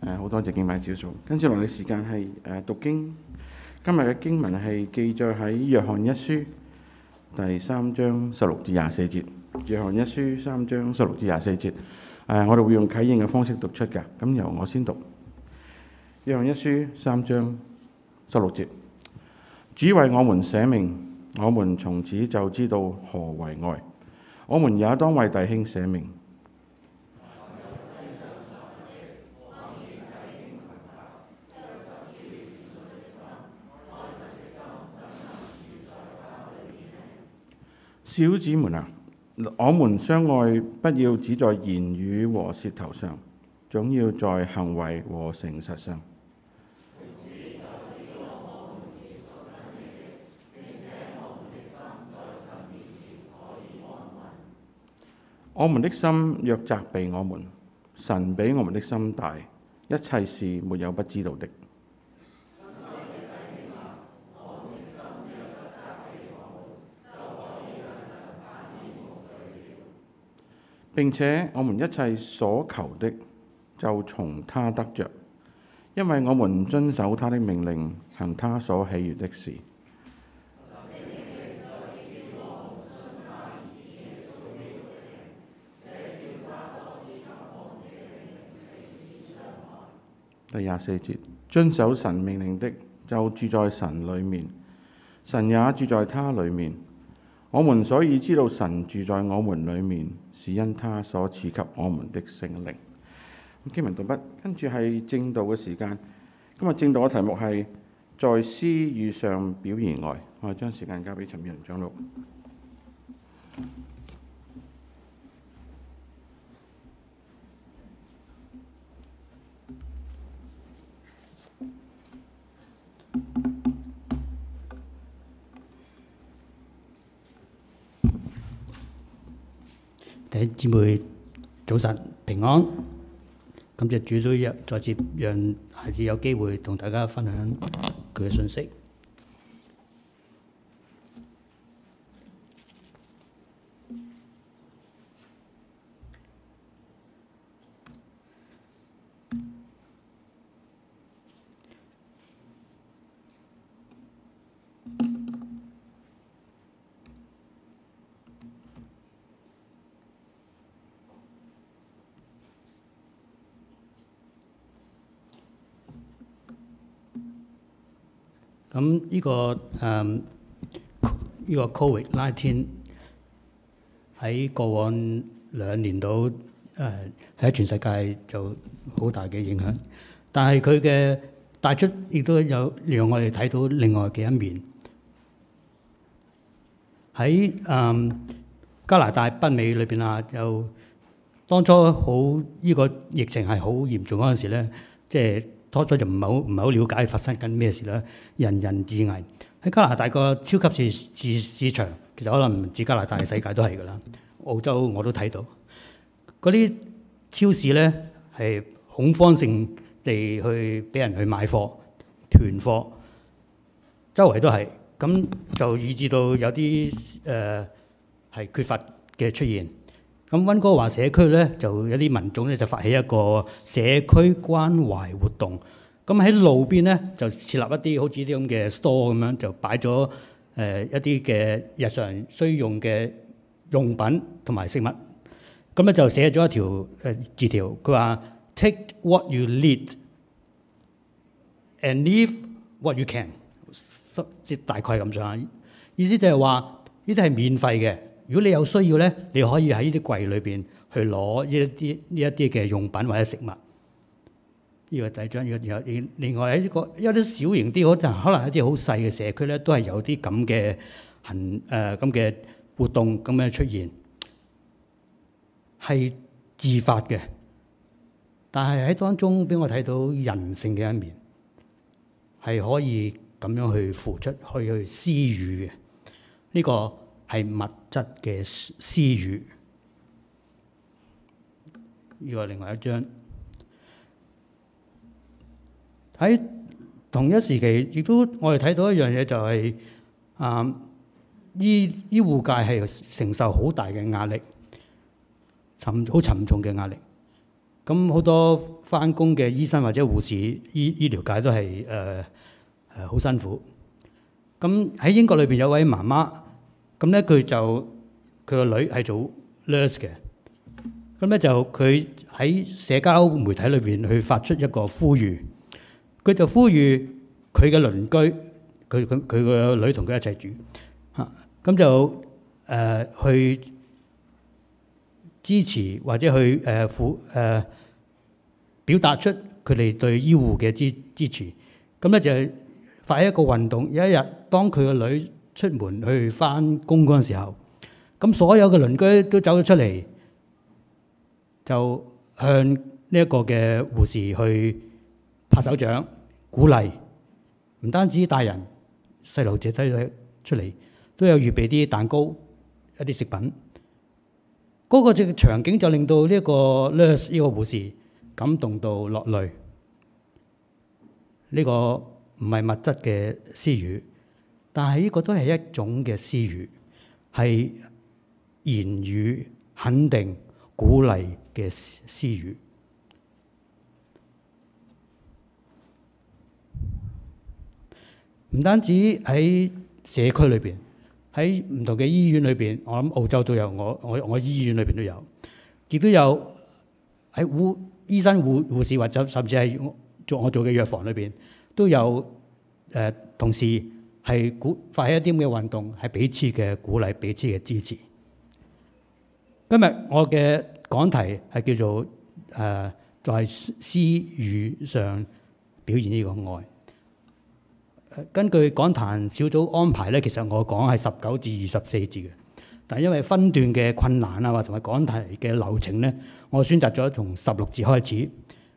誒好、啊、多謝敬拜小組，跟住落嚟時間係誒、啊、讀經，今日嘅經文係記載喺約翰一書第三章十六至廿四節，約翰一書三章十六至廿四節，誒、啊、我哋會用啟應嘅方式讀出㗎，咁、嗯、由我先讀，約翰一書三章十六節，主為我們捨命，我們從此就知道何為愛，我們也當為弟兄捨命。小子們啊，我們相愛不要只在言語和舌頭上，總要在行為和誠實上。我們的心若責備我們，神比我們的心大，一切事沒有不知道的。並且我們一切所求的就從他得着。因為我們遵守他的命令，行他所喜悅的事。第二十四節，遵守神命令的就住在神裡面，神也住在他裡面。我們所以知道神住在我們裡面，是因他所賜給我們的聖靈。咁經文讀畢，跟住係正道嘅時間。今日正道嘅題目係在施與上表現愛，我哋將時間交俾陳耀人長老。姐妹早晨平安，感謝主都讓再次讓孩子有機會同大家分享佢嘅信息。個誒呢個 Covid Nineteen 喺過往兩年度，誒喺全世界就好大嘅影響，但係佢嘅帶出亦都有讓我哋睇到另外嘅一面。喺誒加拿大北美裏邊啊，就當初好呢個疫情係好嚴重嗰陣時咧，即係。多咗就唔係好唔係好了解發生緊咩事啦。人人自危，喺加拿大個超級市市市場，其實可能唔止加拿大嘅，世界都係噶啦。澳洲我都睇到嗰啲超市咧，係恐慌性地去俾人去買貨囤貨，周圍都係，咁就以致到有啲誒係缺乏嘅出現。咁溫哥華社區咧，就有啲民眾咧就發起一個社區關懷活動。咁喺路邊咧就設立一啲好似啲咁嘅 store 咁樣，就擺咗誒一啲嘅日常需要用嘅用品同埋食物。咁咧就寫咗一條誒、呃、字條，佢話 Take what you need and leave what you can，即係大概咁上下意思就係話呢啲係免費嘅。如果你有需要咧，你可以喺呢啲櫃裏邊去攞一啲呢一啲嘅用品或者食物。呢、這個第二張，有另外喺一個一啲小型啲，可能可能一啲好細嘅社區咧，都係有啲咁嘅行誒咁嘅活動咁樣出現，係自發嘅。但係喺當中俾我睇到人性嘅一面，係可以咁樣去付出、去去施予嘅呢個。係物質嘅私語。呢個另外一張喺同一時期，亦都我哋睇到一樣嘢，就是，就係啊，醫醫護界係承受好大嘅壓力，沉好沉重嘅壓力。咁好多返工嘅醫生或者護士，醫醫療界都係誒誒好辛苦。咁喺英國裏邊有位媽媽。咁咧，佢就佢個女係做 nurse 嘅。咁咧就佢喺社交媒體裏邊去發出一個呼籲，佢就呼籲佢嘅鄰居，佢佢佢個女同佢一齊住嚇。咁就誒去支持或者去誒呼誒表達出佢哋對醫護嘅支支持。咁咧就發起一個運動。有一日，當佢個女，出門去返工嗰陣時候，咁所有嘅鄰居都走咗出嚟，就向呢一個嘅護士去拍手掌鼓勵，唔單止大人，細路仔睇都出嚟，都有預備啲蛋糕、一啲食品。嗰、那個嘅場景就令到呢一個呢個護士感動到落淚。呢、這個唔係物質嘅施與。但係呢個都係一種嘅施與，係言語肯定、鼓勵嘅施與。唔單止喺社區裏邊，喺唔同嘅醫院裏邊，我諗澳洲都有，我我我醫院裏邊都有，亦都有喺護醫生護、護護士或者甚至係做我做嘅藥房裏邊都有誒、呃、同事。係鼓發起一啲嘅運動，係彼此嘅鼓勵，彼此嘅支持。今日我嘅講題係叫做誒、呃，在施與上表現呢個愛。呃、根據講壇小組安排咧，其實我講係十九至二十四節嘅，但因為分段嘅困難啊，或同埋講題嘅流程咧，我選擇咗從十六字開始。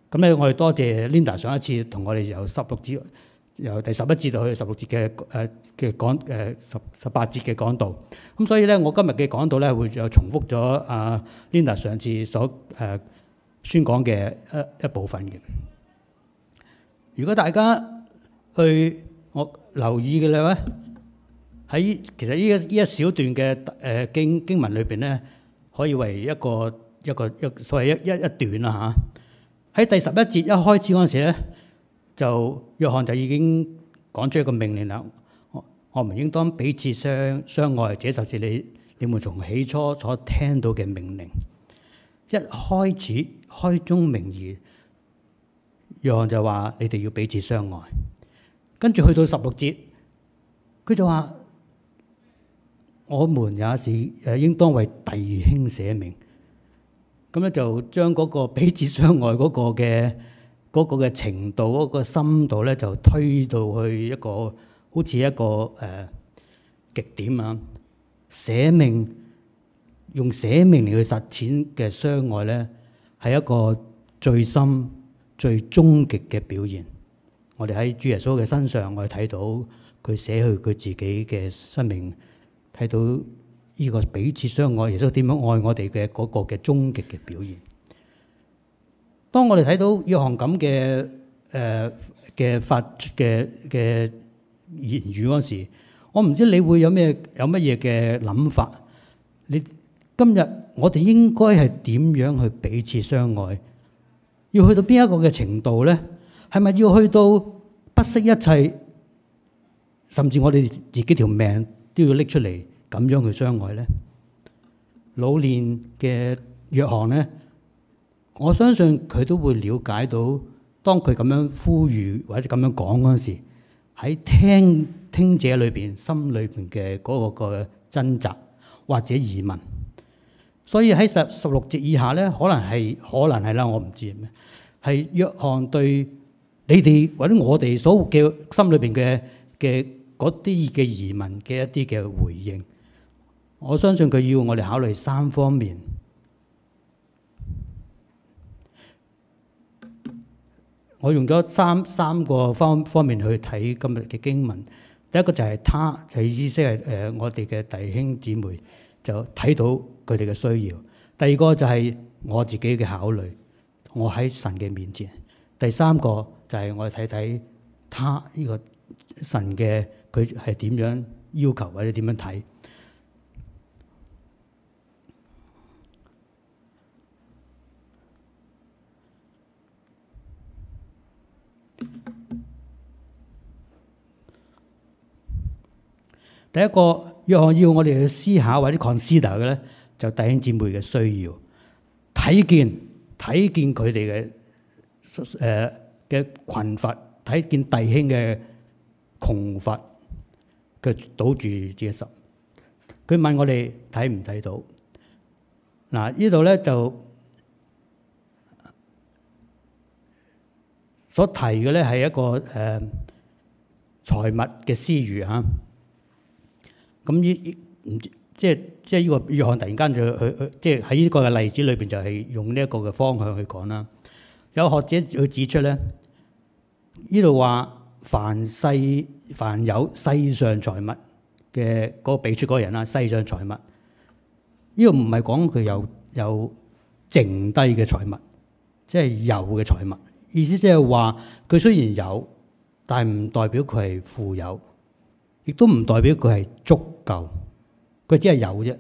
咁咧，我哋多謝 Linda 上一次同我哋由十六字。由第十一節到去十六節嘅誒嘅講誒十十八節嘅講道，咁所以咧，我今日嘅講道咧會有重複咗阿、啊、Linda 上次所誒、呃、宣講嘅一一部分嘅。如果大家去我留意嘅咧，喺其實呢一呢一小段嘅誒、呃、經經文裏邊咧，可以為一個一個一個所謂一一一段啦嚇。喺、啊、第十一節一開始嗰陣時咧。就約翰就已經講出一個命令啦，我們應當彼此相相愛，這是你們你們從起初所聽到嘅命令。一開始開宗明義，約翰就話你哋要彼此相愛，跟住去到十六節，佢就話我們也是誒應當為弟兄捨命，咁咧就將嗰個彼此相愛嗰個嘅。嗰個嘅程度，嗰、嗰個深度咧，就推到去一個好似一個誒、呃、極點啊！捨命用捨命嚟去實踐嘅相愛咧，係一個最深、最終極嘅表現。我哋喺主耶穌嘅身上，我哋睇到佢捨去佢自己嘅生命，睇到呢個彼此相愛，耶穌點樣愛我哋嘅嗰個嘅終極嘅表現。當我哋睇到約翰咁嘅誒嘅發出嘅嘅言語嗰時，我唔知你會有咩有乜嘢嘅諗法？你今日我哋應該係點樣去彼此相愛？要去到邊一個嘅程度咧？係咪要去到不惜一切，甚至我哋自己條命都要拎出嚟咁樣去相愛咧？老年嘅約翰咧？我相信佢都會了解到，當佢咁樣呼籲或者咁樣講嗰陣時，喺聽聽者裏邊心裏邊嘅嗰個個掙扎或者疑問。所以喺十十六節以下咧，可能係可能係啦，我唔知咩，係約翰對你哋或者我哋所嘅心裏邊嘅嘅嗰啲嘅疑問嘅一啲嘅回應。我相信佢要我哋考慮三方面。我用咗三三個方方面去睇今日嘅經文，第一個就係他，就係、是、意思係誒我哋嘅弟兄姊妹就睇到佢哋嘅需要；第二個就係我自己嘅考慮，我喺神嘅面前；第三個就係我睇睇他呢、這個神嘅佢係點樣要求或者點樣睇。第一個，約翰要我哋去思考或者 consider 嘅咧，就是、弟兄姊妹嘅需要，睇見睇見佢哋嘅誒嘅困乏，睇見弟兄嘅窮乏佢堵住自己心，佢問我哋睇唔睇到？嗱、呃，呢度咧就所提嘅咧係一個誒、呃、財物嘅私慾嚇。咁依依唔即係即係呢個約翰突然間就去去即係喺呢個嘅例子裏邊，就係用呢一個嘅方向去講啦。有學者去指出咧，呢度話凡世凡有世上財物嘅嗰個俾出嗰人啦，世上財物呢個唔係講佢有有剩低嘅財物，即係有嘅財物。意思即係話佢雖然有，但係唔代表佢係富有。亦都唔代表佢係足夠，佢只係有啫。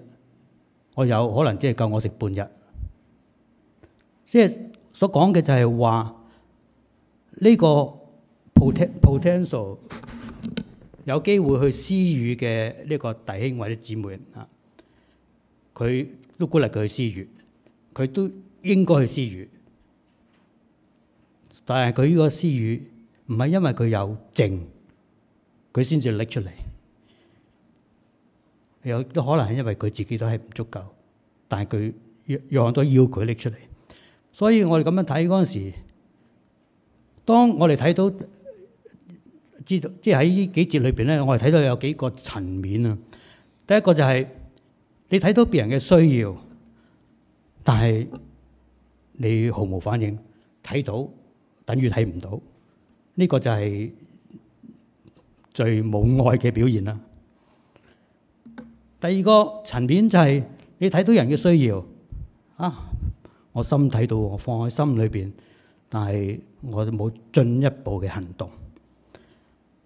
我有可能只係夠我食半日，即係所講嘅就係話呢個 potential 有機會去施與嘅呢個弟兄或者姊妹啊，佢都鼓勵佢去施與，佢都應該去施與，但係佢呢個施與唔係因為佢有靜。佢先至拎出嚟，有都可能係因為佢自己都係唔足夠，但係佢樣樣都要佢拎出嚟。所以我哋咁樣睇嗰陣時，當我哋睇到知道，即係喺呢幾節裏邊咧，我哋睇到有幾個層面啊。第一個就係你睇到別人嘅需要，但係你毫無反應，睇到等於睇唔到。呢個就係最冇愛嘅表現啦。第二個層面就係你睇到人嘅需要啊，我心睇到，我放喺心裏邊，但係我冇進一步嘅行動。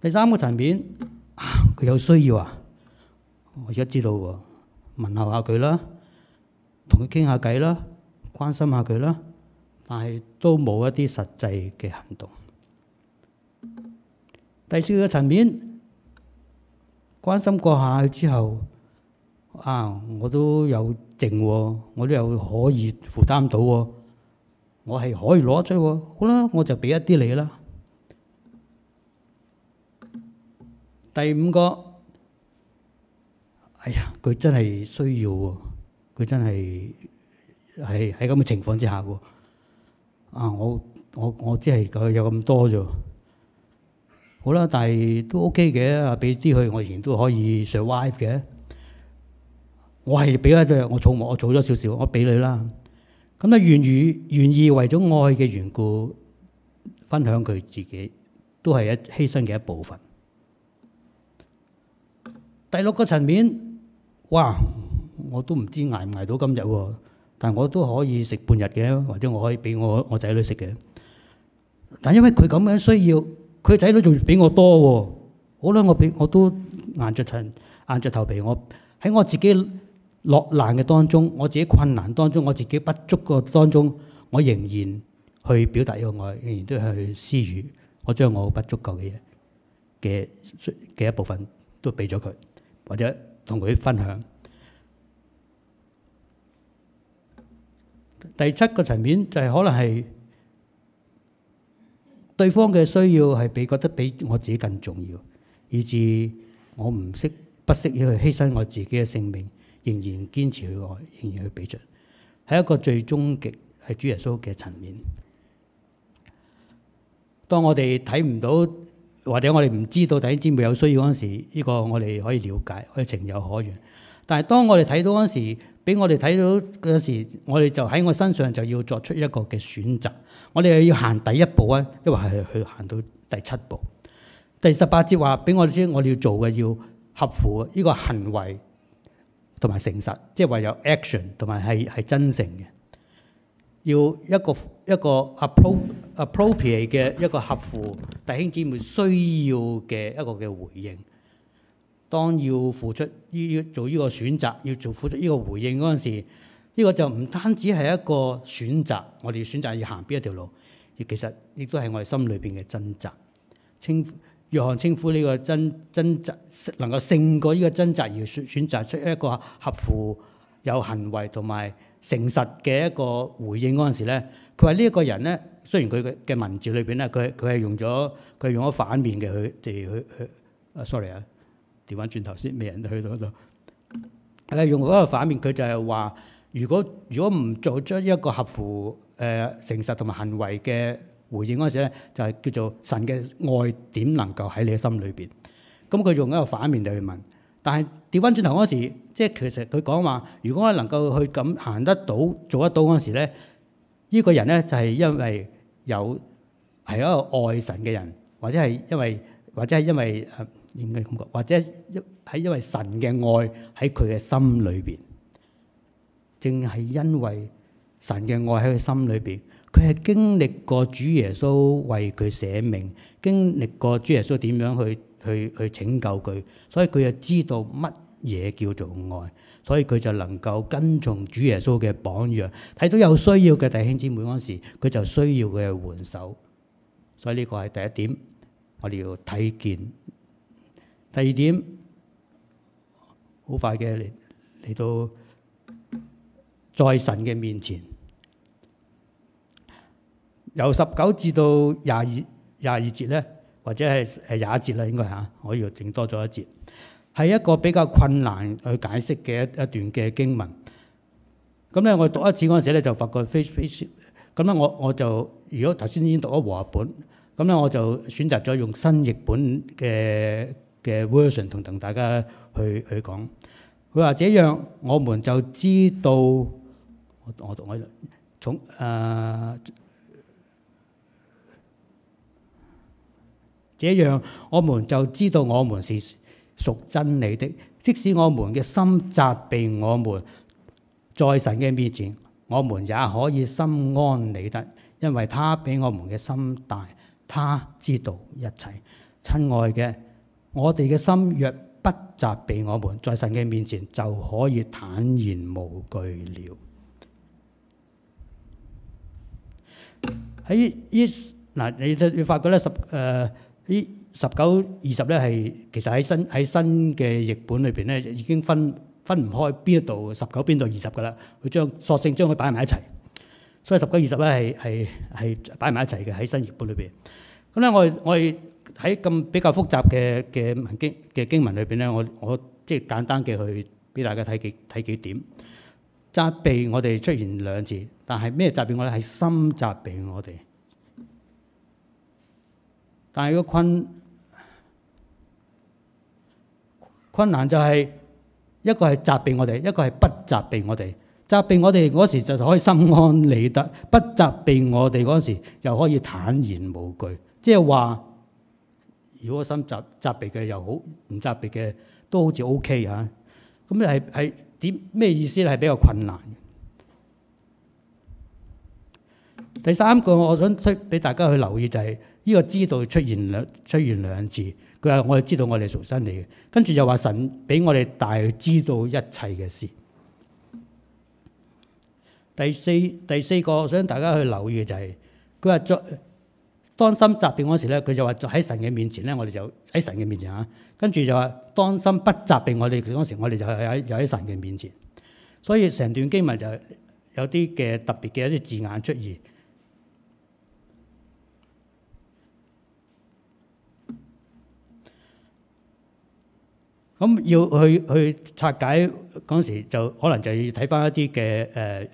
第三個層面，啊，佢有需要啊，我而家知道喎，問候下佢啦，同佢傾下偈啦，關心下佢啦，但係都冇一啲實際嘅行動。第四個層面，關心過下去之後，啊，我都有剩喎，我都有可以負擔到喎，我係可以攞出喎，好啦，我就俾一啲你啦。第五個，哎呀，佢真係需要，佢真係係喺咁嘅情況之下喎，啊，我我我只係佢有咁多啫。好啦，但係都 OK 嘅，俾啲佢，我仍然都可以 survive 嘅。我係俾一隻，我儲我儲咗少少，我俾你啦。咁啊，願意願意為咗愛嘅緣故，分享佢自己，都係一犧牲嘅一部分。第六個層面，哇！我都唔知捱唔捱到今日喎，但我都可以食半日嘅，或者我可以俾我我仔女食嘅。但因為佢咁樣需要。佢仔女仲比我多喎，好啦，我俾我都硬着頭硬着頭皮，我喺我自己落難嘅當中，我自己困難當中，我自己不足嘅當中，我仍然去表達呢個愛，仍然都係去施予，我將我不足夠嘅嘢嘅嘅一部分都俾咗佢，或者同佢分享。第七個層面就係可能係。對方嘅需要係比覺得比我自己更重要，以至我唔識不惜去犧牲我自己嘅性命，仍然堅持去愛，仍然去俾出，係一個最終極係主耶穌嘅層面。當我哋睇唔到或者我哋唔知道第三者有需要嗰陣時，呢、這個我哋可以了解，可以情有可原。但係當我哋睇到嗰陣時，俾我哋睇到嗰時，我哋就喺我身上就要作出一個嘅選擇。我哋係要行第一步啊，因為係去行到第七步。第十八節話俾我哋知，我哋要做嘅要合符呢個行為同埋誠實，即係話有 action 同埋係係真誠嘅。要一個一個 appropriate 嘅一個合符弟兄姊妹需要嘅一個嘅回應。當要付出要做呢個選擇，要做付出呢個回應嗰陣時，呢個就唔單止係一個選擇，我哋選擇要行邊一條路，而其實亦都係我哋心裏邊嘅掙扎。稱約翰稱呼呢個掙掙扎，能夠勝過呢個掙扎而選選擇出一個合乎有行為同埋誠實嘅一個回應嗰陣時咧，佢話呢一個人咧，雖然佢嘅文字裏邊咧，佢佢係用咗佢係用咗反面嘅佢哋去去啊，sorry 啊。調翻轉頭先，咩人都去到嗰度。誒，用嗰個反面，佢就係話：如果如果唔做出一個合乎誒、呃、誠實同埋行為嘅回應嗰陣時咧，就係叫做神嘅愛點能夠喺你嘅心裏邊？咁、嗯、佢用一個反面嚟問。但係調翻轉頭嗰時，即係其實佢講話：如果我能夠去咁行得到、做得到嗰陣時咧，呢個人咧就係因為有係一個愛神嘅人，或者係因為或者係因為誒。應該感覺，或者一係因為神嘅愛喺佢嘅心裏邊，正係因為神嘅愛喺佢心裏邊，佢係經歷過主耶穌為佢捨命，經歷過主耶穌點樣去去去拯救佢，所以佢就知道乜嘢叫做愛，所以佢就能夠跟從主耶穌嘅榜樣，睇到有需要嘅弟兄姊妹嗰時，佢就需要佢去援手，所以呢個係第一點，我哋要睇見。第二點，好快嘅，嚟嚟到，在神嘅面前，由十九至到廿二廿二節咧，或者係誒廿一節啦，應該吓，我要整多咗一節，係一個比較困難去解釋嘅一一段嘅經文。咁咧，我讀一次嗰陣時咧，就發覺非非咁咧，我我就如果頭先已經讀咗和合本，咁咧我就選擇咗用新譯本嘅。嘅 version 同同大家去去講，佢話這樣我們就知道，我我我從誒這樣我們就知道我們是屬真理的，即使我們嘅心責備我們，在神嘅面前，我們也可以心安理得，因為他比我們嘅心大，他知道一切，親愛嘅。我哋嘅心若不責備我們，在神嘅面前就可以坦然無懼了。喺依依嗱，你你發覺咧十誒依十九二十咧係，其實喺新喺新嘅譯本裏邊咧已經分分唔開邊度十九邊度二十㗎喇，佢將索性將佢擺埋一齊，所以十九二十咧係係係擺埋一齊嘅喺新譯本裏邊。咁咧我哋我哋。喺咁比較複雜嘅嘅經嘅經文裏邊咧，我我即係簡單嘅去俾大家睇幾睇幾點，責備我哋出現兩次，但係咩責備我哋？係心責備我哋，但係個困困難就係一個係責備我哋，一個係不責備我哋。責備我哋嗰時就就可以心安理得；不責備我哋嗰時又可以坦然無懼，即係話。如果個心責責備嘅又好，唔責備嘅都好似 O K 嚇。咁咧係係點咩意思咧？係比較困難。第三個我想出俾大家去留意就係呢個知道出現兩出現兩次。佢話我係知道我哋屬身你嘅，跟住又話神比我哋大，知道一切嘅事。第四第四個我想大家去留意嘅就係佢話再。當心責備嗰時咧，佢就話喺神嘅面前咧，我哋就喺神嘅面前啊。跟住就話當心不責備我哋嗰時，我哋就喺喺喺神嘅面前。所以成段經文就有啲嘅特別嘅一啲字眼出現。咁要去去拆解嗰時，就可能就要睇翻一啲嘅誒。呃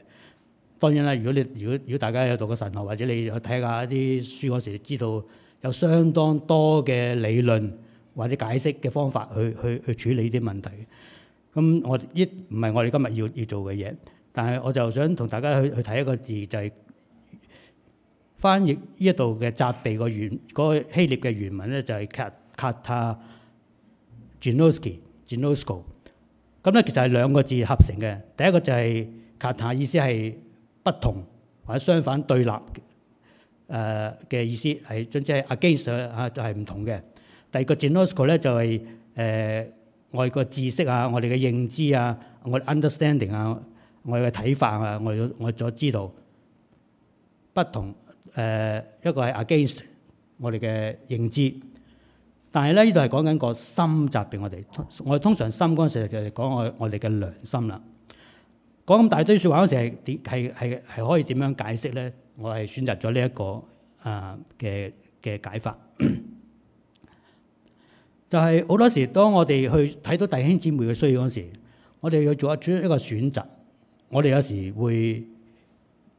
當然啦，如果你如果如果大家有讀過神學，或者你去睇下一啲書嗰時，你知道有相當多嘅理論或者解釋嘅方法去去去處理呢啲問題。咁我亦唔係我哋今日要要做嘅嘢，但係我就想同大家去去睇一個字，就係、是、翻譯呢一度嘅責備嘅原，嗰個希臘嘅原文咧，就係 καταγινώσκω。咁咧其實係兩個字合成嘅，第一個就係 κατα，意思係不同或者相反對立誒嘅、呃、意思係，總之係 against 就係唔同嘅。第二個 ginosko 咧就係、是、誒、呃、我哋嘅知識啊，我哋嘅認知啊，我哋 understanding 啊，我哋嘅睇法啊，我我就知道不同誒、呃、一個係 against 我哋嘅認知。但係咧呢度係講緊個心責備，我哋。我通常心嗰陣時就係講我我哋嘅良心啦。講咁大堆説話嗰時係點係係可以點樣解釋咧？我係選擇咗呢一個誒嘅嘅解法， 就係、是、好多時當我哋去睇到弟兄姊妹嘅需要嗰時，我哋要做一出一個選擇。我哋有時會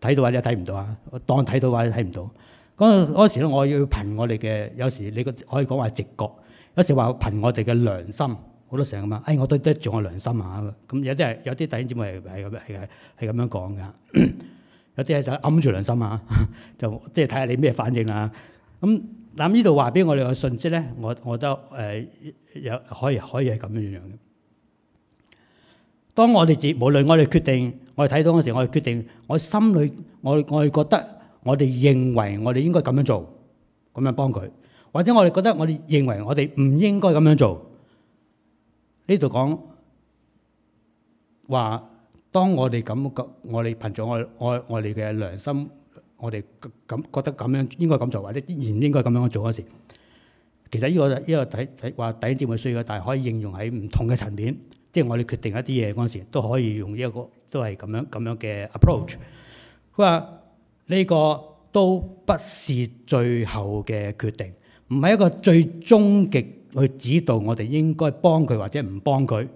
睇到或者睇唔到啊，當睇到或者睇唔到嗰嗰時咧，我要憑我哋嘅有時你個可以講話直覺，有時話憑我哋嘅良心。好多成日、哎、啊！誒、 啊 啊，我對得住我良心啊！咁有啲係，有啲弟兄姊妹係係咁係係咁樣講嘅。有啲係就揞住良心啊，就即係睇下你咩反應啦。咁嗱，呢度話俾我哋嘅信息咧，我我，我，我，我覺得有可以可以係咁樣樣嘅。當我哋自無論我哋決定我哋睇到嗰時，我哋決定我心裏我我係覺得我哋認為我哋應該咁樣做，咁樣幫佢，或者我哋覺得我哋認為我哋唔應該咁樣做。呢度講話，當我哋感覺我哋憑住我我我哋嘅良心，我哋咁覺得咁樣應該咁做，或者唔應該咁樣做嗰時，其實呢個呢個睇睇話第一節目需要，但係可以應用喺唔同嘅層面，即係我哋決定一啲嘢嗰時，都可以用呢一個都係咁樣咁樣嘅 approach。佢話呢個都不是最後嘅決定，唔係一個最終極。去指導我哋應該幫佢或者唔幫佢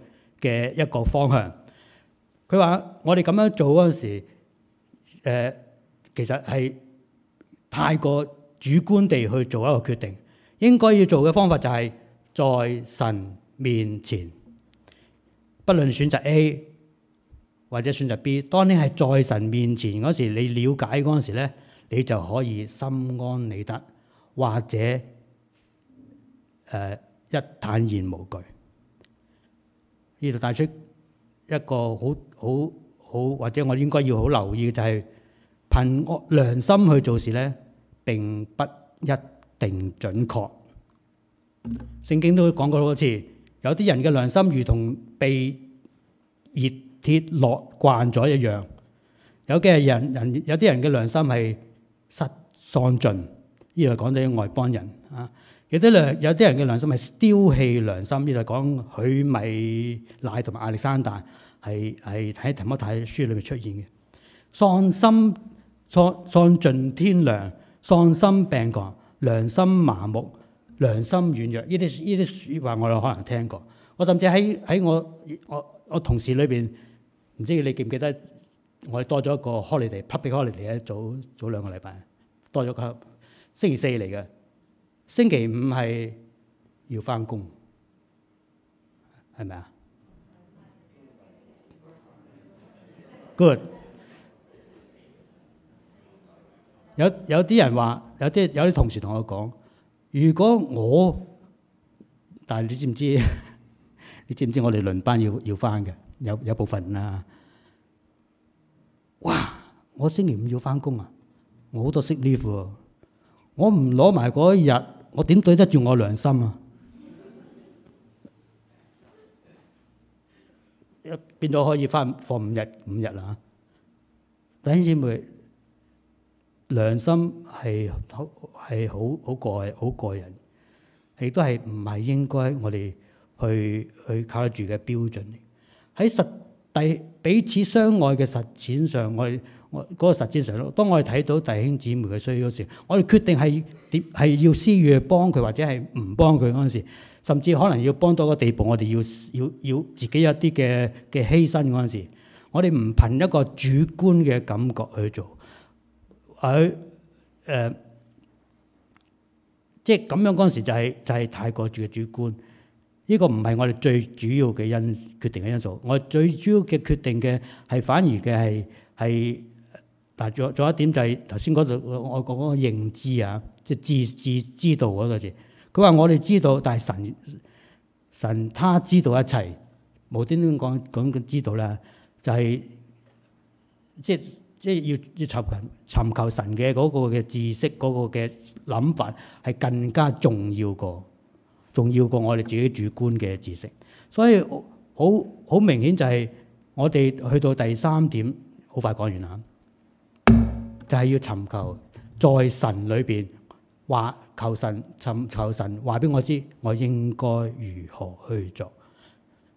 嘅一個方向。佢話：我哋咁樣做嗰時，誒、呃、其實係太過主觀地去做一個決定。應該要做嘅方法就係在神面前，不論選擇 A 或者選擇 B。當你係在神面前嗰時，你了解嗰時咧，你就可以心安理得，或者誒。呃一坦然無懼，呢度帶出一個好好好，或者我應該要好留意嘅就係、是、憑良心去做事咧，並不一定準確。聖經都講過好多次，有啲人嘅良心如同被熱鐵烙慣咗一樣，有嘅人人，有啲人嘅良心係失喪盡，呢度講到啲外邦人啊。有啲良，有啲人嘅良心係丟棄良心。呢度講，許米乃同埋亞歷山大係睇喺《提摩太》書裏面出現嘅。喪心喪喪盡天良，喪心病狂，良心麻木，良心軟弱。呢啲呢啲話我哋可能聽過。我甚至喺喺我我我同事裏邊，唔知你記唔記得我哋多咗一個 holiday，public holiday 咧，早早兩個禮拜多咗個星期四嚟嘅。星期五係要翻工，係咪啊？Good 有。有有啲人話，有啲有啲同事同我講，如果我，但係你知唔知？ 你知唔知我哋輪班要要翻嘅？有有部分啦、啊。哇！我星期五要翻工啊！我好多 sick leave 喎，我唔攞埋嗰一日。我點對得住我良心啊？ 變咗可以翻放五日五日啦、啊！弟兄姊妹，良心係係好好過好過人，亦都係唔係應該我哋去去靠得住嘅標準？喺實第彼此相愛嘅實踐上，我哋。嗰個實際上咯，當我哋睇到弟兄姊妹嘅需要時，我哋決定係點係要施與去幫佢，或者係唔幫佢嗰陣時，甚至可能要幫到個地步，我哋要要要自己有啲嘅嘅犧牲嗰陣時，我哋唔憑一個主觀嘅感覺去做，佢、啊、誒，即係咁樣嗰陣時就係、是、就係太過主嘅主觀，呢、這個唔係我哋最主要嘅因決定嘅因素，我最主要嘅決定嘅係反而嘅係係。但係仲有一點就係頭先嗰度我講嗰個認知啊，即係自自知道嗰個字。佢話我哋知道，但係神神他知道一切，無端端講講知道啦、就係，就係、係、即即要要尋尋求神嘅嗰個嘅知識，嗰、嗰個嘅諗法係更加重要過，重要過我哋自己主觀嘅知識。所以好好明顯就係我哋去到第三點，好快講完啦。就係要尋求在神裏邊，話求神尋求神話俾我知，我應該如何去做？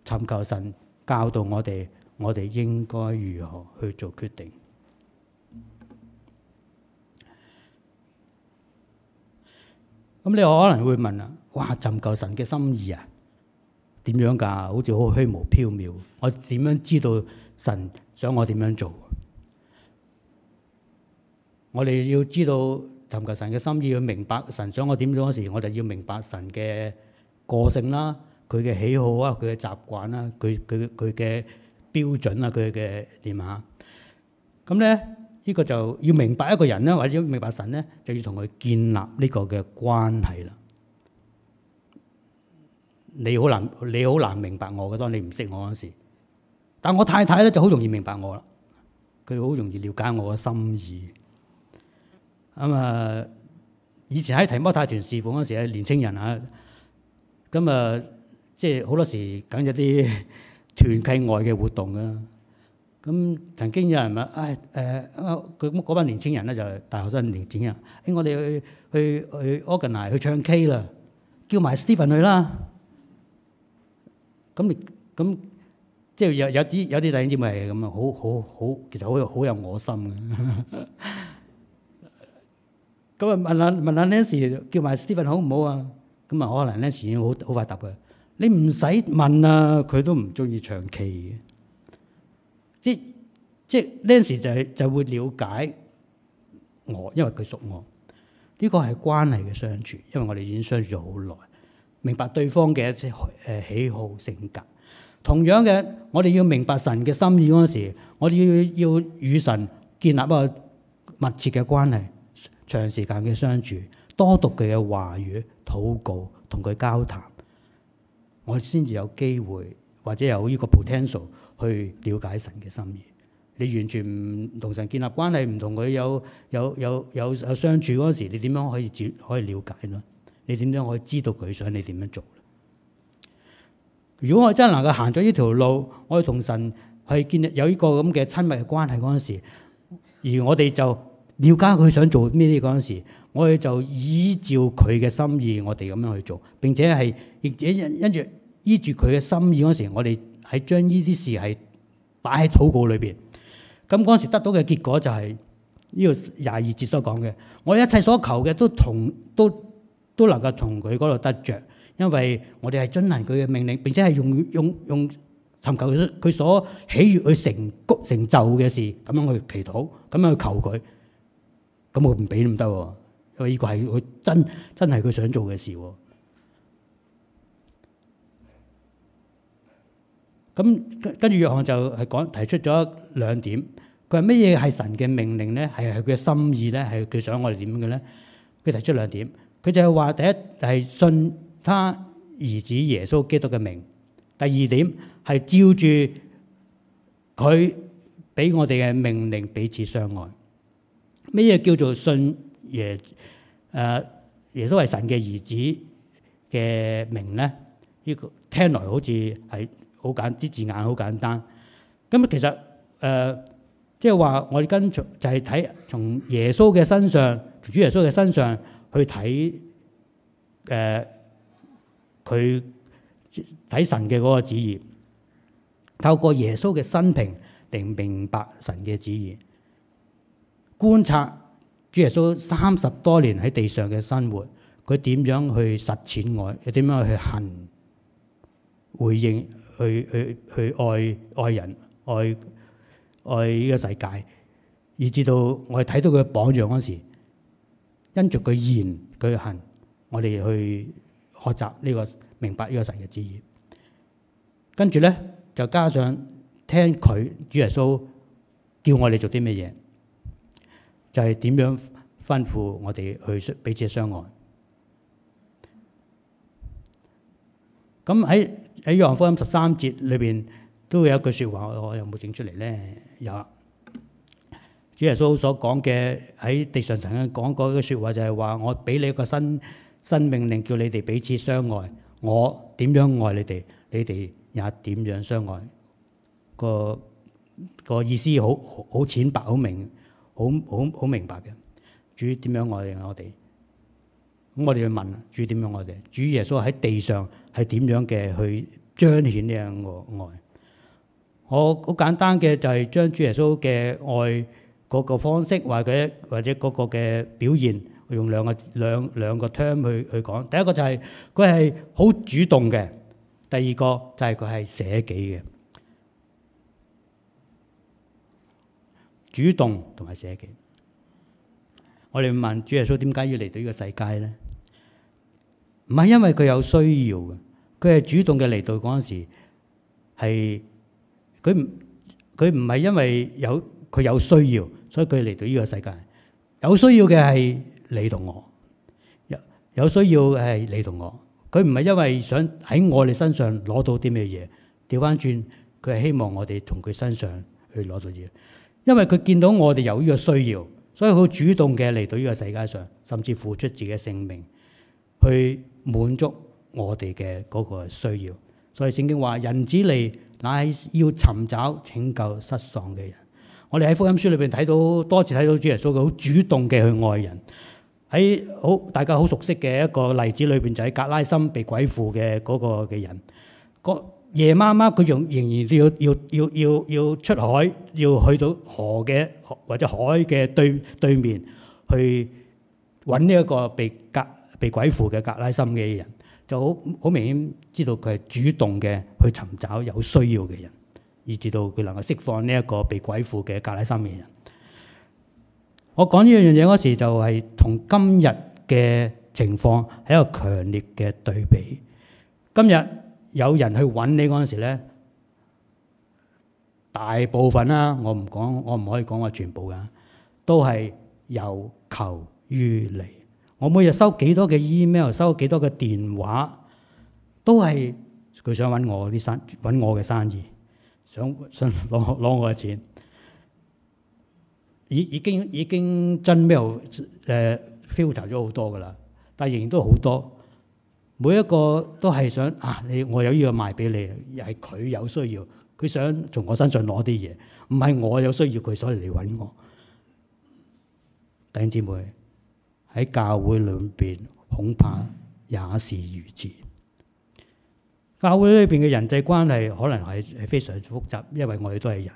尋求神教導我哋，我哋應該如何去做決定？咁你可能會問啦：哇！尋求神嘅心意啊，點樣㗎？好似好虛無縹緲，我點樣知道神想我點樣做？我哋要知道尋求神嘅心意，要明白神想我點做嗰時，我就要明白神嘅個性啦、佢嘅喜好啊、佢嘅習慣啦、佢佢佢嘅標準啊、佢嘅點啊。咁咧呢個就要明白一個人啦，或者明白神咧，就要同佢建立呢個嘅關係啦。你好難你好難明白我嘅，當你唔識我嗰時，但我太太咧就好容易明白我啦，佢好容易瞭解我嘅心意。咁啊，以前喺提摩太團事奉嗰時係年青人啊，咁啊，即係好多時搞一啲團契外嘅活動啊。咁曾經有人話，誒，佢咁嗰班年青人咧就係大學生年青人，誒，我哋去去去 organize 去唱 K 啦，叫埋 Stephen 去啦。咁你咁即係有有啲有啲弟兄姊妹係咁啊，好好好，其實好有好有愛心嘅。咁啊問問問 Nancy 叫埋 Stephen 好唔好啊？咁啊可能 Nancy 已經好好快答佢，你唔使問啊，佢都唔中意長期嘅。即即 Nancy 就係就會了解我，因為佢熟我。呢、這個係關係嘅相處，因為我哋已經相處咗好耐，明白對方嘅一啲誒喜好性格。同樣嘅，我哋要明白神嘅心意嗰陣時，我哋要要與神建立一個密切嘅關係。長時間嘅相處，多讀佢嘅話語、禱告，同佢交談，我先至有機會，或者有呢個 potential 去了解神嘅心意。你完全唔同神建立關係，唔同佢有有有有有相處嗰時，你點樣可以接可以了解咧？你點樣可以知道佢想你點樣做？如果我真係能夠行咗呢條路，我同神去建立有呢個咁嘅親密嘅關係嗰陣時，而我哋就了解佢想做咩啲嗰陣時，我哋就依照佢嘅心意，我哋咁樣去做。並且係，而且因住依住佢嘅心意嗰陣時，我哋係將呢啲事係擺喺禱告裏邊。咁嗰陣時得到嘅結果就係呢個廿二節所講嘅，「我一切所求嘅都同都都能夠從佢嗰度得着。」因為我哋係遵行佢嘅命令，並且係用用用尋求佢所喜悅去成成就嘅事，咁樣去祈禱，咁樣去求佢。咁我唔俾都唔得喎，因為依個係佢真真係佢想做嘅事。咁跟住約翰就係講提出咗兩點，佢係乜嘢係神嘅命令咧？係佢嘅心意咧？係佢想我哋點嘅咧？佢提出兩點，佢就係話：第一係信他兒子耶穌基督嘅名；第二點係照住佢俾我哋嘅命令彼此相愛。咩叫做信耶？誒、呃，耶穌係神嘅兒子嘅名咧？呢、這個聽來好似係好簡，啲字眼好簡單。咁、嗯、啊，其實誒，即係話我哋跟從，就係睇從耶穌嘅身上，主耶穌嘅身上去睇誒，佢、呃、睇神嘅嗰個旨意，透過耶穌嘅生平，定明白神嘅旨意。觀察主耶穌三十多年喺地上嘅生活，佢點樣去實踐愛，又點樣去行，回應去去去愛愛人愛愛呢個世界，以至到我哋睇到佢嘅榜樣嗰時，因著佢言佢行，我哋去學習呢個明白呢個神嘅旨意。跟住咧就加上聽佢主耶穌叫我哋做啲咩嘢。就係點樣吩咐我哋去彼此相愛。咁喺喺約翰福音十三節裏邊都有一句說話，我有冇整出嚟咧？有。主耶穌所講嘅喺地上曾經講過嘅說話就說，就係話我俾你一個新新命令，叫你哋彼此相愛。我點樣愛你哋，你哋也點樣相愛。個、那個意思好好淺白，好明。好好好明白嘅，主點樣愛我哋？咁我哋去問主點樣愛我哋？主耶穌喺地上係點樣嘅去彰顯呢樣愛？我好簡單嘅就係將主耶穌嘅愛嗰個方式或者或者嗰個嘅表現，用兩個兩兩個 term 去去講。第一個就係佢係好主動嘅，第二個就係佢係捨己嘅。主動同埋寫嘅，我哋問主耶穌點解要嚟到呢個世界咧？唔係因為佢有需要嘅，佢係主動嘅嚟到嗰陣時係佢唔，佢唔係因為有佢有需要，所以佢嚟到呢個世界。有需要嘅係你同我，有有需要嘅係你同我。佢唔係因為想喺我哋身上攞到啲咩嘢，調翻轉佢係希望我哋從佢身上去攞到嘢。因為佢見到我哋有呢個需要，所以佢主動嘅嚟到呢個世界上，甚至付出自己性命去滿足我哋嘅嗰個需要。所以聖經話：人子嚟乃係要尋找拯救失喪嘅人。我哋喺福音書裏邊睇到多次，睇到主耶穌佢好主動嘅去愛人。喺好大家好熟悉嘅一個例子裏邊，就喺、是、格拉森被鬼附嘅嗰個嘅人。夜媽媽佢仲仍然要要要要要出海，要去到河嘅或者海嘅對對面去揾呢一個被隔被鬼附嘅格拉森嘅人，就好好明顯知道佢係主動嘅去尋找有需要嘅人，以至到佢能夠釋放呢一個被鬼附嘅格拉森嘅人。我講呢樣嘢嗰時就係同今日嘅情況係一個強烈嘅對比，今日。有人去揾你嗰陣時咧，大部分啦，我唔講，我唔可以講話全部噶，都係有求於你。我每日收幾多嘅 email，收幾多嘅電話，都係佢想揾我啲生揾我嘅生意，想想攞攞我嘅錢。已已經已經真 mail 誒 filter 咗好多噶啦，但係仍然都好多。每一個都係想啊！你我有呢個賣俾你，又係佢有需要，佢想從我身上攞啲嘢，唔係我有需要，佢所以嚟揾我。弟兄姊妹喺教會裏邊恐怕也是如此。教會裏邊嘅人際關係可能係係非常複雜，因為我哋都係人。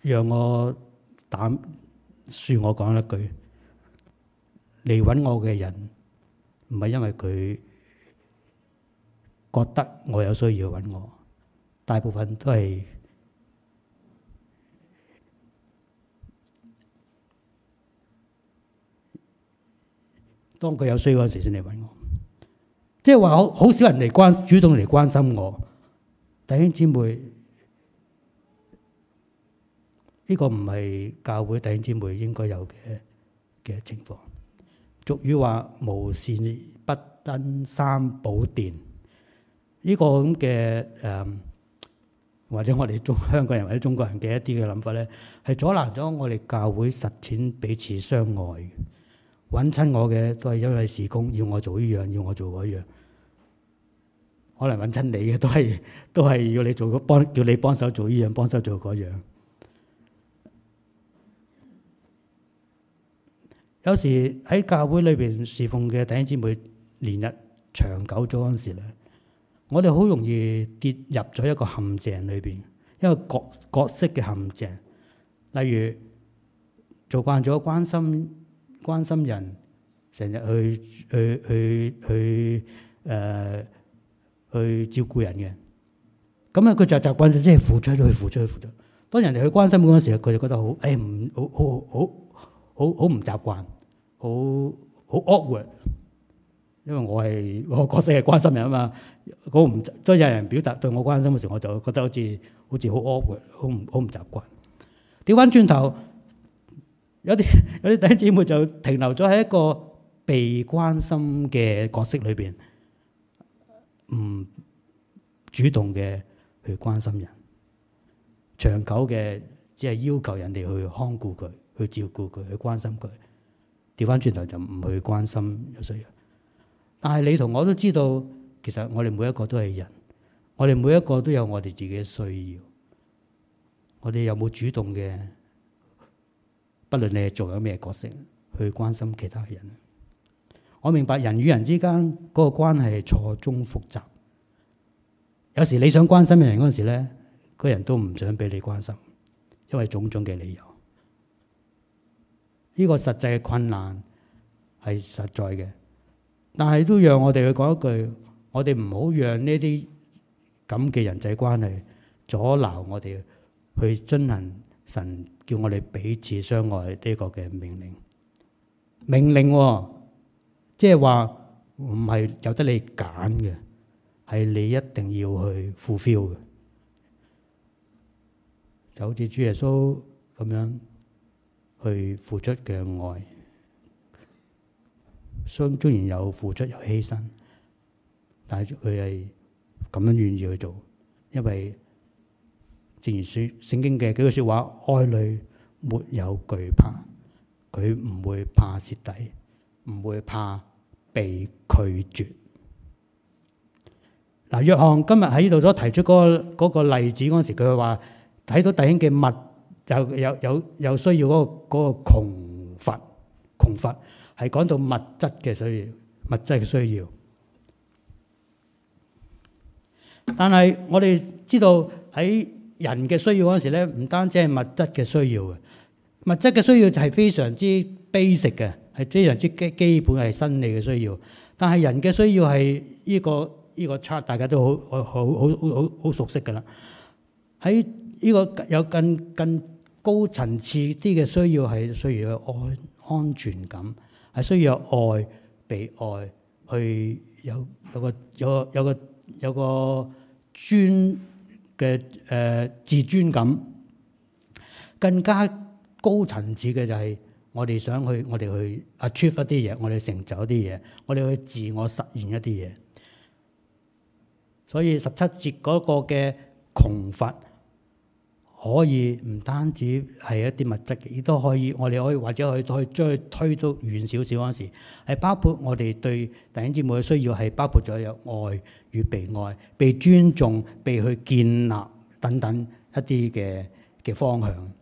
讓我膽。恕我講一句，嚟揾我嘅人唔係因為佢覺得我有需要去揾我，大部分都係當佢有需要嗰陣時先嚟揾我。即係話好少人嚟關主動嚟關心我，弟兄姊妹。呢個唔係教會弟兄姊妹應該有嘅嘅情況。俗語話無事不登三寶殿，呢、這個咁嘅誒，或者我哋中香港人或者中國人嘅一啲嘅諗法咧，係阻攔咗我哋教會實踐彼此相愛。揾親我嘅都係因為事工，要我做呢樣，要我做嗰樣。可能揾親你嘅都係都係要你做幫叫你幫手做呢樣，幫手做嗰樣。有時喺教會裏邊侍奉嘅弟兄姊妹，連日長久咗嗰陣時咧，我哋好容易跌入咗一個陷阱裏邊，一個角角色嘅陷阱。例如做慣咗關心關心人，成日去去去去誒、呃、去照顧人嘅，咁啊佢就習慣咗即係付出去付出去付出，付出。當人哋去關心嗰陣時，佢就覺得、哎、好誒唔好好好好好唔習慣。好好 awkward，因為我係個角色係關心人啊嘛，好唔都係有人表達對我關心嘅時候，我就覺得好似好似好 awkward，好唔好唔習慣。掉返轉頭，有啲有啲弟兄姊妹就停留咗喺一個被關心嘅角色裏邊，唔主動嘅去關心人，長久嘅只係要求人哋去看顧佢，去照顧佢，去關心佢。調翻轉頭就唔去關心有需要，但係你同我都知道，其實我哋每一個都係人，我哋每一個都有我哋自己嘅需要。我哋有冇主動嘅，不論你係做緊咩角色，去關心其他人？我明白人與人之間嗰個關係錯綜複雜，有時你想關心嘅人嗰時咧，個人都唔想俾你關心，因為種種嘅理由。呢個實際嘅困難係實在嘅，但係都讓我哋去講一句，我哋唔好讓呢啲咁嘅人際關係阻撓我哋去遵行神叫我哋彼此相愛呢個嘅命令。命令、哦、即係話唔係由得你揀嘅，係你一定要去 fulfill 嘅。就好似主耶穌咁樣。去付出嘅愛，雖雖然有付出有犧牲，但係佢係咁樣願意去做，因為正如說聖經嘅幾句說話，愛裏沒有懼怕，佢唔會怕蝕底，唔會怕被拒絕。嗱，約翰今日喺呢度所提出嗰嗰個例子嗰時，佢話睇到弟兄嘅物。有有有有需要嗰個嗰個窮乏窮乏，係講到物質嘅需要，物質嘅需要。但係我哋知道喺人嘅需要嗰時咧，唔單止係物質嘅需要嘅，物質嘅需要就係非常之 basic 嘅，係非常之基基本係生理嘅需要。但係人嘅需要係呢個呢個差，大家都好好好好好好熟悉噶啦。喺呢個有更更高層次啲嘅需要係需要有安安全感，係需要有愛被愛，去有有個有個有個有個尊嘅誒、呃、自尊感。更加高層次嘅就係我哋想去，我哋去啊 achieve 啲嘢，我哋成就一啲嘢，我哋去自我實現一啲嘢。所以十七節嗰個嘅窮乏。可以唔單止係一啲物質，亦都可以我哋可以或者可以去將佢推到遠少少嗰陣時，係包括我哋對人際之愛嘅需要，係包括咗有愛與被愛、被尊重、被去建立等等一啲嘅嘅方向。呢、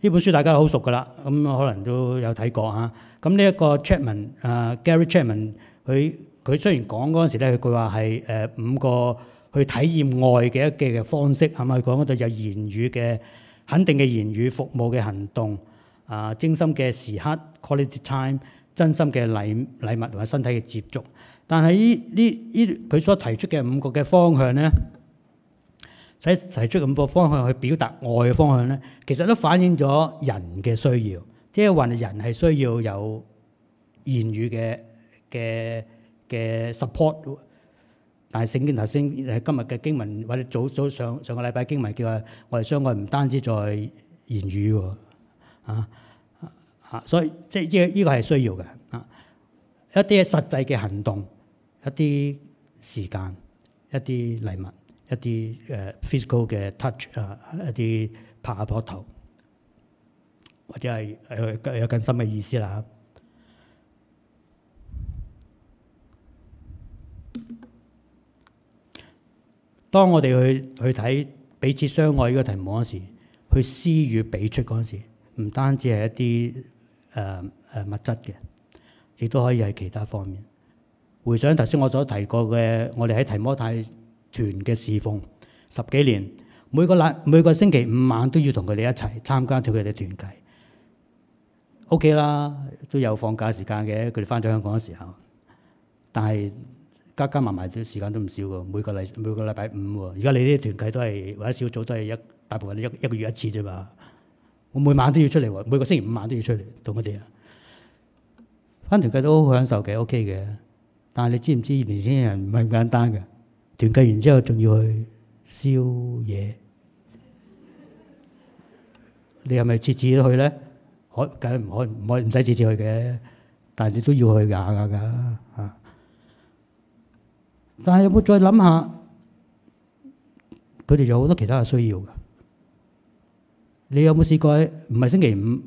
嗯、本書大家好熟噶啦，咁可能都有睇過啊。咁呢一個 Chapman 啊、uh, Gary Chapman，佢佢雖然講嗰陣時咧，佢話係誒五個。去體驗愛嘅一嘅嘅方式係咪？講嗰度有言語嘅肯定嘅言語、服務嘅行動、啊精心嘅時刻 （quality time）、真心嘅禮禮物同埋身體嘅接觸。但係依呢依佢所提出嘅五個嘅方向咧，喺提出五個方向去表達愛嘅方向咧，其實都反映咗人嘅需要，即係話人係需要有言語嘅嘅嘅 support。但係聖經頭先誒，今日嘅經文或者早早上上個禮拜嘅經文叫啊，我哋相愛唔單止在言語喎，啊啊，所以即係依個依個係需要嘅，啊一啲實際嘅行動，一啲時間，一啲禮物，一啲誒 physical 嘅 touch 啊，一啲拍下膊頭，或者係有有更深嘅意思啦。當我哋去去睇彼此相愛呢個題目嗰時，去施與俾出嗰陣時，唔單止係一啲誒誒物質嘅，亦都可以係其他方面。回想頭先我所提過嘅，我哋喺提摩太團嘅侍奉十幾年，每個禮每個星期五晚都要同佢哋一齊參加佢哋嘅團契。OK 啦，都有放假時間嘅，佢哋翻咗香港嘅時候，但係。加加埋埋都時間都唔少噶，每個禮每個禮拜五喎。而家你啲團契都係或者小組都係一大部分一一個月一次啫嘛。我每晚都要出嚟喎，每個星期五晚都要出嚟同我哋。返團契都好享受嘅，OK 嘅。但係你知唔知年輕人唔係咁簡單嘅？團契完之後仲要去宵夜，你係咪次次都去咧？可梗係唔可唔可唔使次次去嘅，但係你都要去下下㗎嚇。啊但係有冇再諗下？佢哋仲有好多其他嘅需要㗎。你有冇試過喺唔係星期五？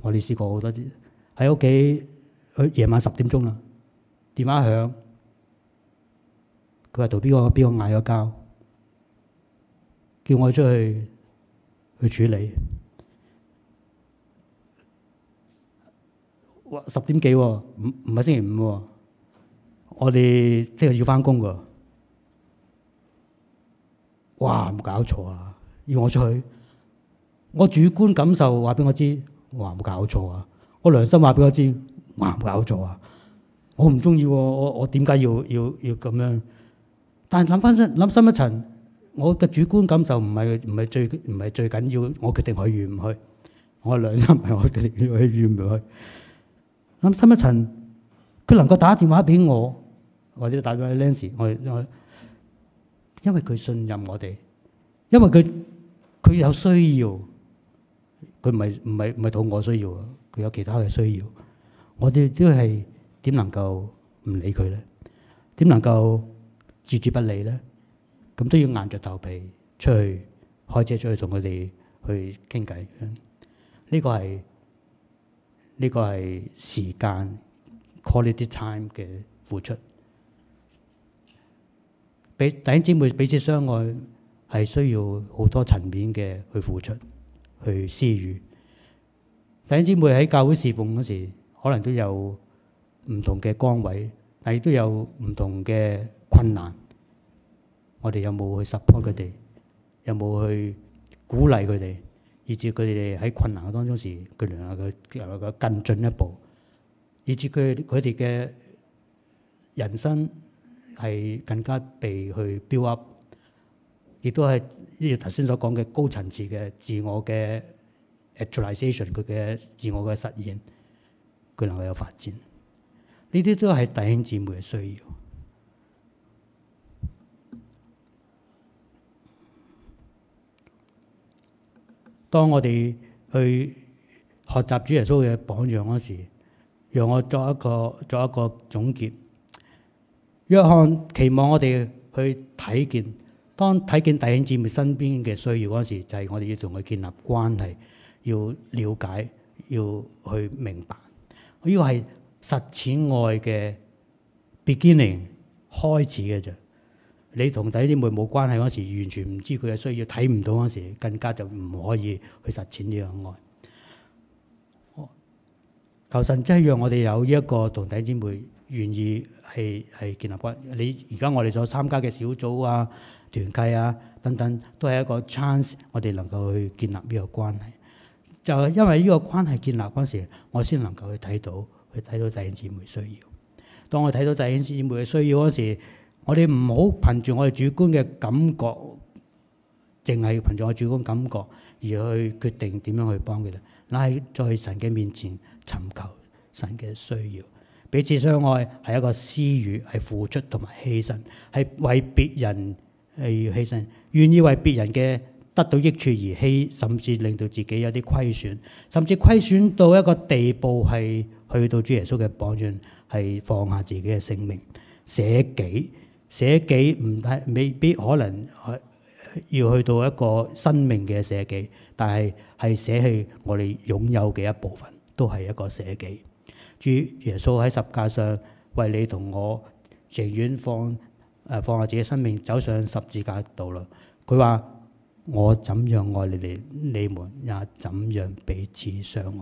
我哋試過好多次喺屋企，夜晚十點鐘啦，電話響，佢話同邊個邊個嗌咗交，叫我出去去處理。哇！十點幾喎？唔唔係星期五喎？我哋即係要翻工噶，哇！冇搞錯啊！要我出去，我主觀感受話俾我知，哇！冇搞錯啊！我良心話俾我知，哇！冇搞錯啊！我唔中意，我我點解要要要咁樣？但係諗翻身諗深一層，我嘅主觀感受唔係唔係最唔係最緊要，我決定去與唔去。我良心唔係我決定去與唔去。諗深一層，佢能夠打電話俾我。或者打俾 Lance，我我因為佢信任我哋，因為佢佢有需要，佢唔係唔係唔係肚餓需要啊，佢有其他嘅需要，我哋都係點能夠唔理佢咧？點能夠置之不理咧？咁都要硬著頭皮出去開車出去同佢哋去傾偈。呢個係呢個係時間 quality time 嘅付出。俾弟兄姊妹彼此相愛，係需要好多層面嘅去付出、去施予。弟兄姊妹喺教會侍奉嗰時，可能都有唔同嘅崗位，但亦都有唔同嘅困難。我哋有冇去 support 佢哋？有冇去鼓勵佢哋？以至佢哋喺困難嘅當中時，佢量下佢又個更進一步，以至佢佢哋嘅人生。係更加被去 build up，亦都係一如頭先所講嘅高層次嘅自我嘅 actualization，佢嘅自我嘅實現，佢能夠有發展。呢啲都係弟兄姊妹嘅需要。當我哋去學習主耶穌嘅榜樣嗰時，讓我作一個作一個總結。約翰期望我哋去睇見，當睇見弟兄姊妹身邊嘅需要嗰時，就係我哋要同佢建立關係，要了解，要去明白。呢個係實踐愛嘅 beginning 開始嘅啫。你同弟兄姊妹冇關係嗰時，完全唔知佢嘅需要，睇唔到嗰時，更加就唔可以去實踐呢樣愛。求神真係讓我哋有一個同弟兄姊妹願意。係係建立關係，你而家我哋所參加嘅小組啊、團契啊等等，都係一個 chance，我哋能夠去建立呢個關係。就係因為呢個關係建立嗰時，我先能夠去睇到，去睇到弟兄姊妹需要。當我睇到弟兄姊妹嘅需要嗰時，我哋唔好憑住我哋主觀嘅感覺，淨係憑住我主觀感覺而去決定點樣去幫佢啦。喺再去神嘅面前尋求神嘅需要。彼此相愛係一個施予，係付出同埋犧牲，係為別人而犧牲，願意為別人嘅得到益處而犧，甚至令到自己有啲虧損，甚至虧損到一個地步係去到主耶穌嘅榜樣，係放下自己嘅性命捨己，捨己唔係未必可能要去到一個生命嘅捨己，但係係捨棄我哋擁有嘅一部分，都係一個捨己。主耶穌喺十架上為你同我情願放誒、啊、放下自己生命走上十字架道路。佢話：我怎樣愛你哋，你們也怎樣彼此相愛。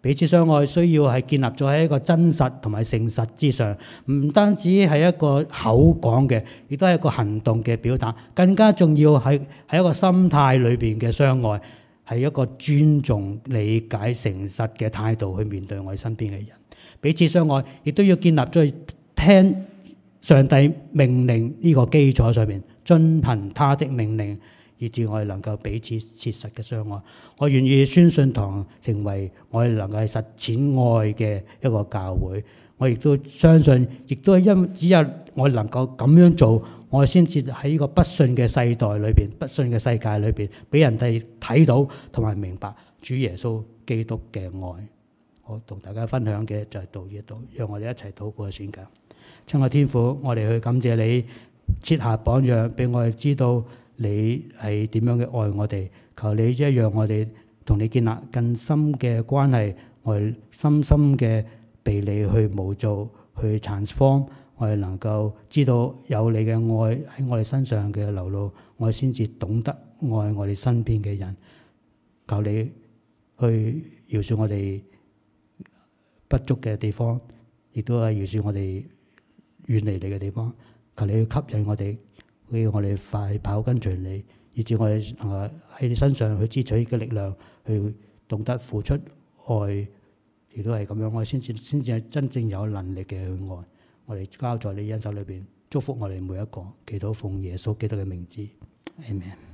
彼此相愛需要係建立咗喺一個真實同埋誠實之上，唔單止係一個口講嘅，亦都係一個行動嘅表達。更加重要係係一個心態裏邊嘅相愛，係一個尊重、理解、誠實嘅態度去面對我身邊嘅人。彼此相愛，亦都要建立喺聽上帝命令呢個基礎上面，遵行他的命令，以至我哋能夠彼此切實嘅相愛。我願意宣信堂成為我哋能夠實踐愛嘅一個教會。我亦都相信，亦都因為只有我哋能夠咁樣做，我先至喺呢個不信嘅世代裏邊、不信嘅世界裏邊，俾人哋睇到同埋明白主耶穌基督嘅愛。我同大家分享嘅就係到呢度，讓我哋一齊禱告嘅選講。親愛天父，我哋去感謝你，設下榜樣俾我哋知道你係點樣嘅愛我哋。求你一讓我哋同你建立更深嘅關係，我哋深深嘅被你去模造、去殘荒，我哋能夠知道有你嘅愛喺我哋身上嘅流露，我哋先至懂得愛我哋身邊嘅人。求你去饒恕我哋。不足嘅地方，亦都係預示我哋遠離你嘅地方。求你去吸引我哋，叫我哋快跑跟隨你，以至我哋啊喺你身上去支取嘅力量，去懂得付出愛。亦都係咁樣，我哋先至先至真正有能力嘅去愛。我哋交在你恩手裏邊，祝福我哋每一個，祈禱奉耶穌基督嘅名字，阿門。